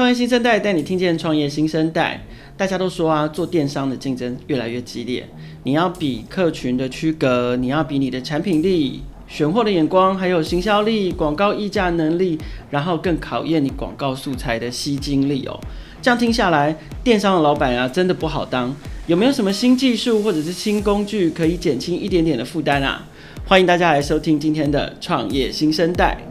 創業新生代帶你聽見創業新生代。大家都說啊，做電商的競爭越來越激烈，你要比客群的區隔，你要比你的產品力、選貨的眼光，還有行銷力、廣告溢價能力，然後更考驗你廣告素材的吸睛力哦。這樣聽下來，電商的老闆啊，真的不好當。有沒有什麼新技術或者是新工具可以減輕一點點的負擔啊？歡迎大家來收聽今天的創業新生代。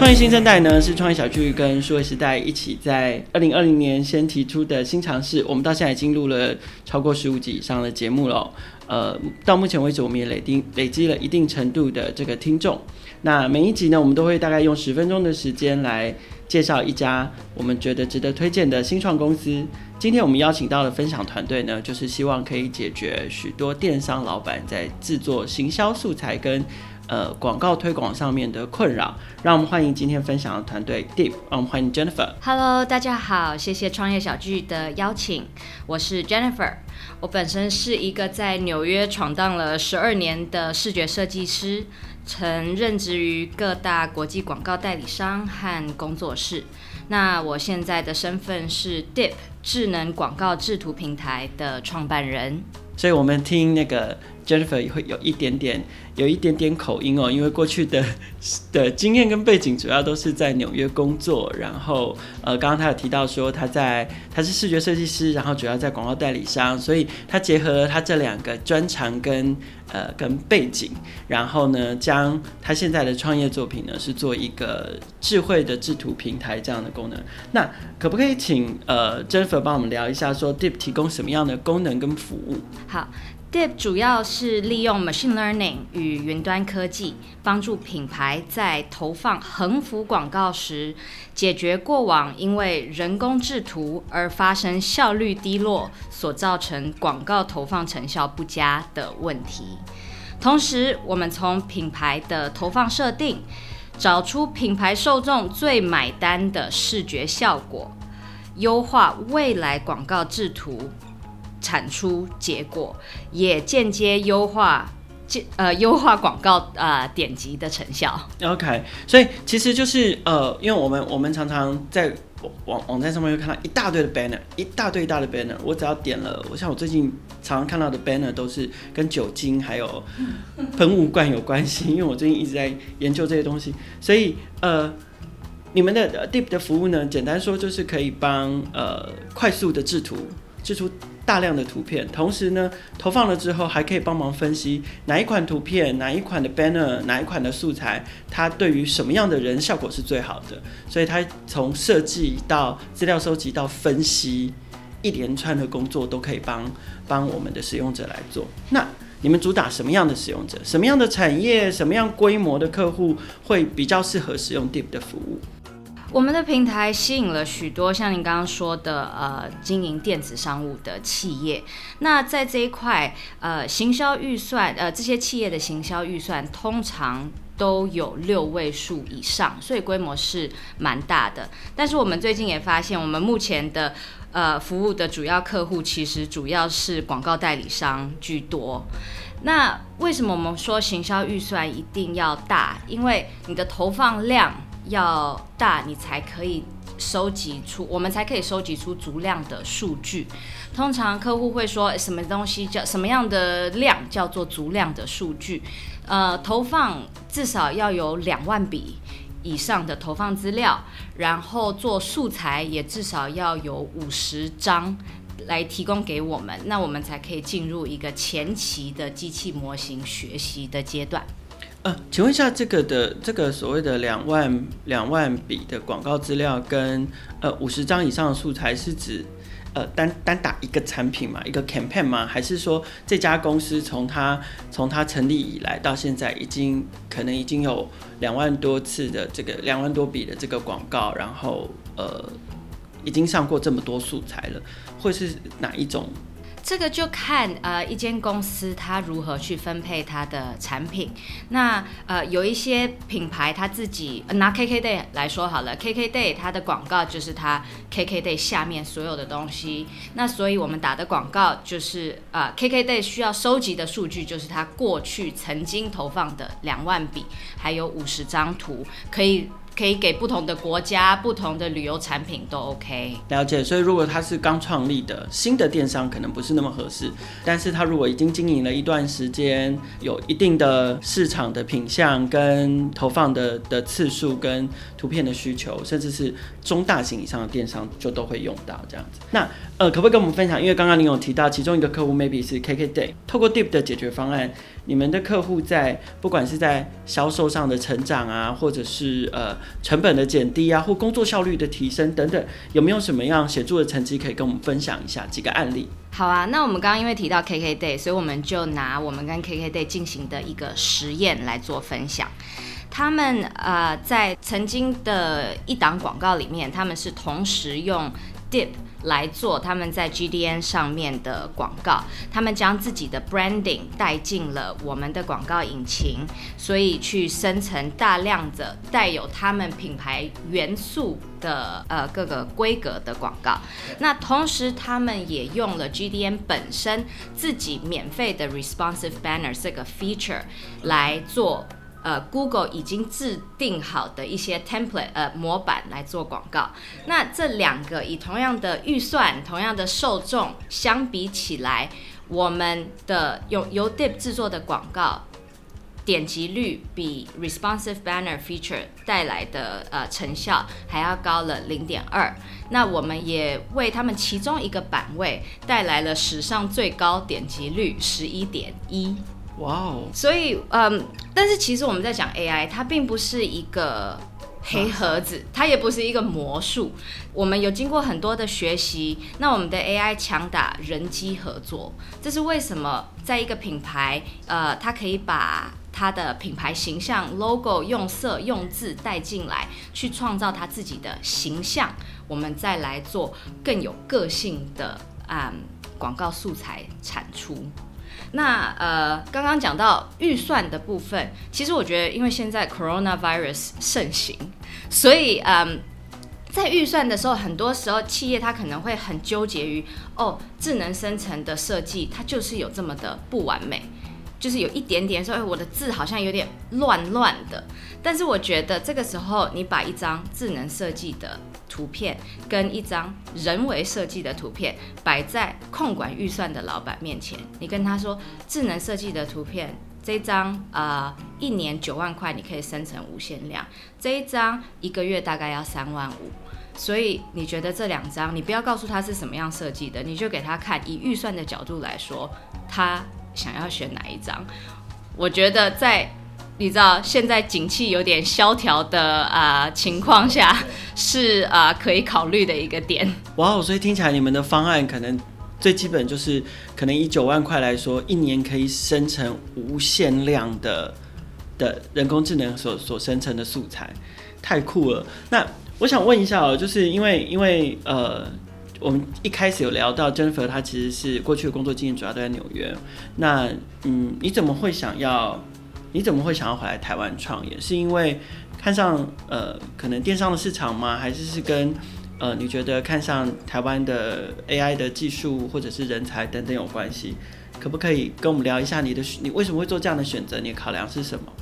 創業新生代呢，是創業小聚跟數位時代一起在二零二零年先提出的新嘗試。我們到現在已經錄了超過十五集以上的節目了哦，呃，到目前為止，我們也累定累積了一定程度的這個聽眾。那每一集呢，我們都會大概用十分鐘的時間來介紹一家我們覺得值得推薦的新創公司。今天我們邀請到的分享團隊呢，就是希望可以解決許多電商老板在製作行銷素材跟。呃，廣告推廣上面的困擾，讓我們歡迎今天分享的團隊 Dipp，讓我們歡迎 Jennifer。Hello，大家好，謝謝創業小聚的邀請，我是 Jennifer。我本身是一個在紐約闖蕩了十二年的視覺設計師，曾任職於各大國際廣告代理商和工作室。那我現在的身份是 Dipp 智能廣告製圖平台的創辦人。所以我們聽那個 Jennifer 也會有一點點，有一點點口音哦，因為過去的的經驗跟背景主要都是在紐約工作。然後，呃，剛剛他有提到說他在他是視覺設計師，然後主要在廣告代理商，所以他結合了他這兩個專長跟。呃，跟背景，然後呢，將他現在的創業作品呢，是做一個智慧的製圖平台這樣的功能。那可不可以請呃，Jennifer 幫我們聊一下，說 Dipp 提供什麼樣的功能跟服務？好。Dipp 主要是利用 machine learning 與雲端科技，幫助品牌在投放橫幅廣告時，解決過往因為人工制圖而發生效率低落，所造成廣告投放成效不佳的問題。同時，我們從品牌的投放設定，找出品牌受眾最買單的視覺效果，優化未來廣告制圖。產出結果，也間接優化，呃，優化廣告啊、呃、點擊的成效。OK，所以其實就是呃，因為我們我們常常在網網站上面會看到一大堆的 banner，一大堆一大堆的 banner。我只要點了，我想我最近常常看到的 banner 都是跟酒精還有噴霧罐有關係，因為我最近一直在研究這些東西。所以呃，你們的 Dipp 的服務呢，簡單說就是可以幫呃快速的製圖，制出。大量的圖片，同時呢，投放了之後還可以幫忙分析哪一款圖片、哪一款的 banner、哪一款的素材，它對於什麼樣的人效果是最好的。所以它從設計到資料收集到分析，一連串的工作都可以幫幫我們的使用者來做。那你們主打什麼樣的使用者？什麼樣的產業？什麼樣規模的客戶會比較適合使用 Dipp 的服務？我們的平台吸引了許多像您剛剛說的，呃，經營電子商務的企業。那在這一塊，呃，行銷預算，呃，這些企業的行銷預算通常都有六位數以上，所以規模是蠻大的。但是我們最近也發現，我們目前的，呃，服務的主要客戶其實主要是廣告代理商居多。那為什麼我們說行銷預算一定要大？因為你的投放量。要大，你才可以收集出，我們才可以收集出足量的數據。通常客戶會說什麼東西叫什麼樣的量叫做足量的數據？呃，投放至少要有兩萬筆以上的投放資料，然後做素材也至少要有五十張來提供給我們，那我們才可以進入一個前期的機器模型學習的階段。呃，請問一下，這個的這個所謂的兩萬兩萬筆的廣告資料跟呃五十張以上的素材，是指呃單單打一個產品嗎，一個 campaign 嗎，還是說這家公司從它從它成立以來到現在，已經可能已經有兩萬多次的這個兩萬多筆的這個廣告，然後呃已經上過這麼多素材了，會是哪一種？這個就看呃，一間公司它如何去分配它的產品。那呃，有一些品牌，它自己，呃、拿 KKday 來說好了，KKday 它的廣告就是它 KKday 下面所有的東西。那所以我們打的廣告就是啊，呃，KKday 需要收集的數據就是它過去曾經投放的兩萬筆，還有五十張圖可以。可以給不同的國家、不同的旅遊產品都 OK。了解，所以如果他是剛創立的新的電商，可能不是那麼合適。但是他如果已經經營了一段時間，有一定的市場的品相、跟投放的的次數、跟圖片的需求，甚至是中大型以上的電商，就都會用到這樣子。那呃，可不可以跟我們分享？因為剛剛您有提到其中一個客戶，maybe 是 KKday，透過 Dipp 的解決方案，你們的客戶在不管是在銷售上的成長啊，或者是呃。成本的減低啊，或工作效率的提升等等，有沒有什麼樣顯著的成績可以跟我們分享一下幾個案例？好啊，那我們剛剛因為提到 KKday，所以我們就拿我們跟 KKday 進行的一個實驗來做分享。他們啊、呃，在曾經的一檔廣告裡面，他們是同時用 Dipp 來做他們在 GDN 上面的廣告，他們將自己的 branding 帶進了我們的廣告引擎，所以去生成大量的帶有他們品牌元素的呃各個規格的廣告。那同時他們也用了 GDN 本身自己免費的 responsive banner 這個 feature 來做。呃，Google 已經制定好的一些 template 呃模板來做廣告。那這兩個以同樣的預算、同樣的受眾相比起來，我們的用由 Dipp 製作的廣告點擊率比 Responsive Banner Feature 帶來的呃成效還要高了零點二。那我們也為他們其中一個版位帶來了史上最高點擊率十一點一。哇哦！所以，嗯，但是其實我們在講 AI，它並不是一個黑盒子，它也不是一個魔術。我們有經過很多的學習，那我們的 AI 強打人機合作，這是為什麼在一個品牌，呃，它可以把它的品牌形象、logo、用色、用字帶進來，去創造它自己的形象。我們再來做更有個性的啊、嗯、廣告素材產出。那呃，剛剛講到預算的部分，其實我覺得，因為現在 coronavirus 盛行，所以嗯，在預算的時候，很多時候企業它可能會很糾結於，哦，智能生成的設計它就是有這麼的不完美，就是有一點點說，哎、欸，我的字好像有點亂亂的。但是我覺得這個時候，你把一張智能設計的。圖片跟一張人為設計的圖片擺在控管預算的老闆面前，你跟他說智能設計的圖片，這張啊，呃，一年九萬塊，你可以生成無限量，這一張一個月大概要三萬五，所以你覺得這兩張，你不要告訴他是什麼樣設計的，你就給他看，以預算的角度來說，他想要選哪一張？我覺得在。你知道現在景氣有點蕭條的啊、呃、情況下，是啊、呃、可以考慮的一個點。哇哦，所以聽起來你們的方案可能最基本就是可能以九萬塊來說，一年可以生成無限量的的人工智能所所生成的素材，太酷了。那我想問一下哦，就是因為因為呃，我們一開始有聊到 Jennifer，她其實是過去的工作經驗主要都在紐約。那嗯，你怎麼會想要？你怎麼會想要回來台灣創業？是因為看上呃可能電商的市場嗎？還是是跟呃你覺得看上台灣的 AI 的技術或者是人才等等有關係？可不可以跟我們聊一下你的你為什麼會做這樣的選擇？你的考量是什麼？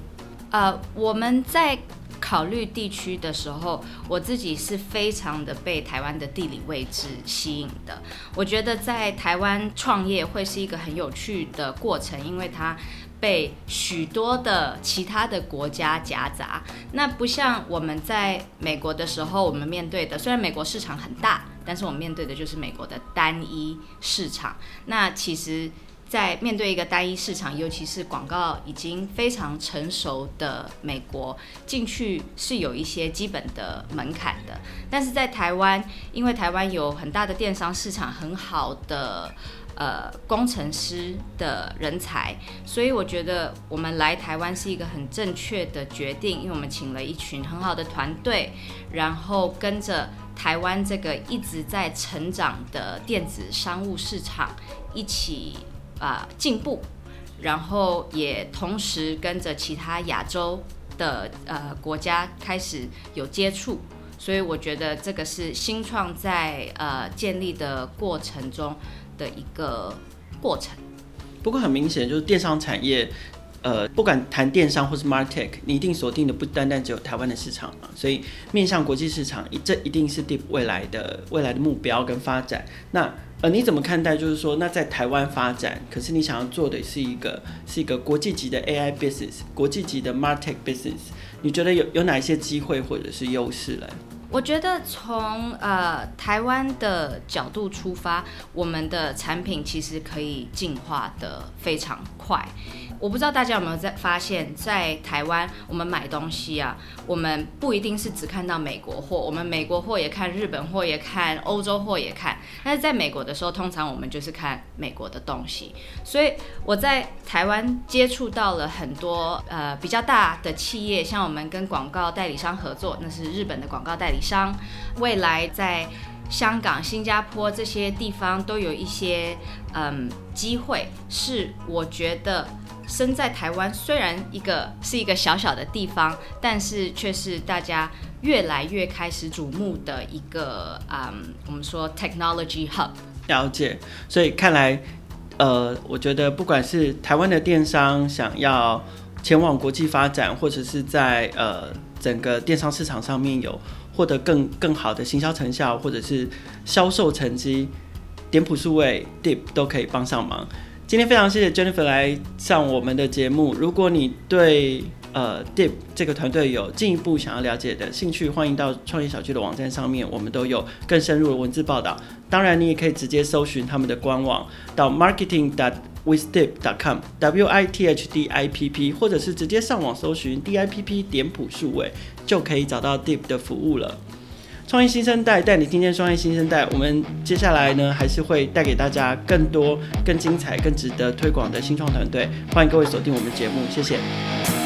呃，我們在考慮地區的時候，我自己是非常的被台灣的地理位置吸引的。我覺得在台灣創業會是一個很有趣的過程，因為它。被許多的其他的國家夾雜，那不像我們在美國的時候，我們面對的雖然美國市場很大，但是我們面對的就是美國的單一市場。那其實，在面對一個單一市場，尤其是廣告已經非常成熟的美國，進去是有一些基本的門檻的。但是在台灣，因為台灣有很大的電商市場，很好的。呃，工程師的人才，所以我覺得我們來台灣是一個很正確的決定，因為我們請了一群很好的團隊，然後跟着台灣這個一直在成長的電子商務市場一起啊、呃、進步，然後也同時跟着其他亞洲的呃國家開始有接觸，所以我覺得這個是新創在呃建立的過程中，的一個過程。不過很明顯，就是電商產業，呃，不管談電商或是 Martech，你一定鎖定的不單單只有台灣的市場嘛。所以面向國際市場，這一定是 Dipp 未來的未來的目標跟發展。那呃，你怎麼看待？就是說，那在台灣發展，可是你想要做的是一個是一個國際級的 AI business，國際級的 Martech business，你覺得有有哪一些機會或者是優勢呢？我覺得從呃台灣的角度出發，我們的產品其實可以進化得非常快。我不知道大家有沒有在發現，在台灣我們買東西啊，我們不一定是只看到美國貨，我們美國貨也看，日本貨也看，歐洲貨也看。但是在美國的時候，通常我們就是看美國的東西。所以我在台灣接觸到了很多呃比較大的企業，像我們跟廣告代理商合作，那是日本的廣告代理商。商未來在香港、新加坡這些地方都有一些嗯機會是，是我覺得身在台灣，雖然一個是一個小小的地方，但是卻是大家越來越開始矚目的一個嗯，我們說 technology hub。了解，所以看來呃，我覺得不管是台灣的電商想要前往國際發展，或者是在呃。整個電商市場上面有獲得更更好的行銷成效，或者是銷售成績，點譜數位 Dipp 都可以幫上忙。今天非常謝謝 Jennifer 來上我們的節目。如果你對呃 Dipp 這個團隊有進一步想要了解的興趣，歡迎到創業小聚的網站上面，我們都有更深入的文字報道。當然，你也可以直接搜尋他們的官網到 Marketing dot withdipp.com，W I T H D I P P，或者是直接上網搜尋 d i p p 點譜數位，就可以找到 d i p 的服務了。創業新生代帶你聽見創業新生代，我們接下來呢還是會帶給大家更多、更精彩、更值得推廣的新創團隊，歡迎各位鎖定我們的節目，謝謝。